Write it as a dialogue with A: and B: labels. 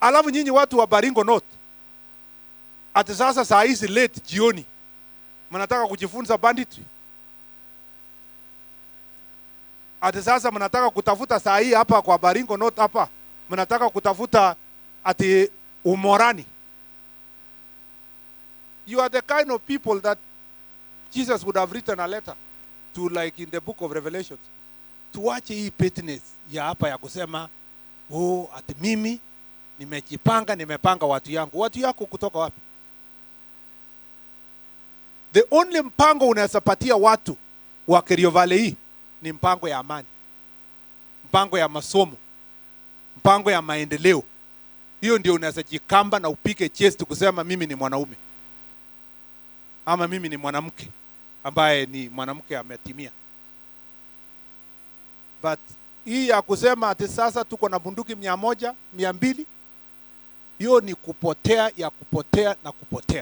A: Alafu nyinyi watu wa Baringo North ati sasa saa hizi late jioni mnataka kujifunza banditry, ati sasa mnataka kutafuta saa hii hapa kwa Baringo North hapa mnataka kutafuta ati umorani. You are the kind of people that Jesus would have written a letter to like in the book of Revelation. Tuache hii pettiness ya hapa ya kusema oh, ati mimi nimejipanga, nimepanga watu yangu. Watu yako kutoka wapi? The only mpango unawezapatia watu wa Kerio hii ni mpango ya amani, mpango ya masomo, mpango ya maendeleo. Hiyo ndio unaweza jikamba na upike chest kusema mimi ni mwanaume ama mimi ni mwanamke ambaye ni mwanamke ametimia. But hii ya kusema ati sasa tuko na bunduki mia moja mia mbili hiyo ni kupotea ya kupotea na kupotea.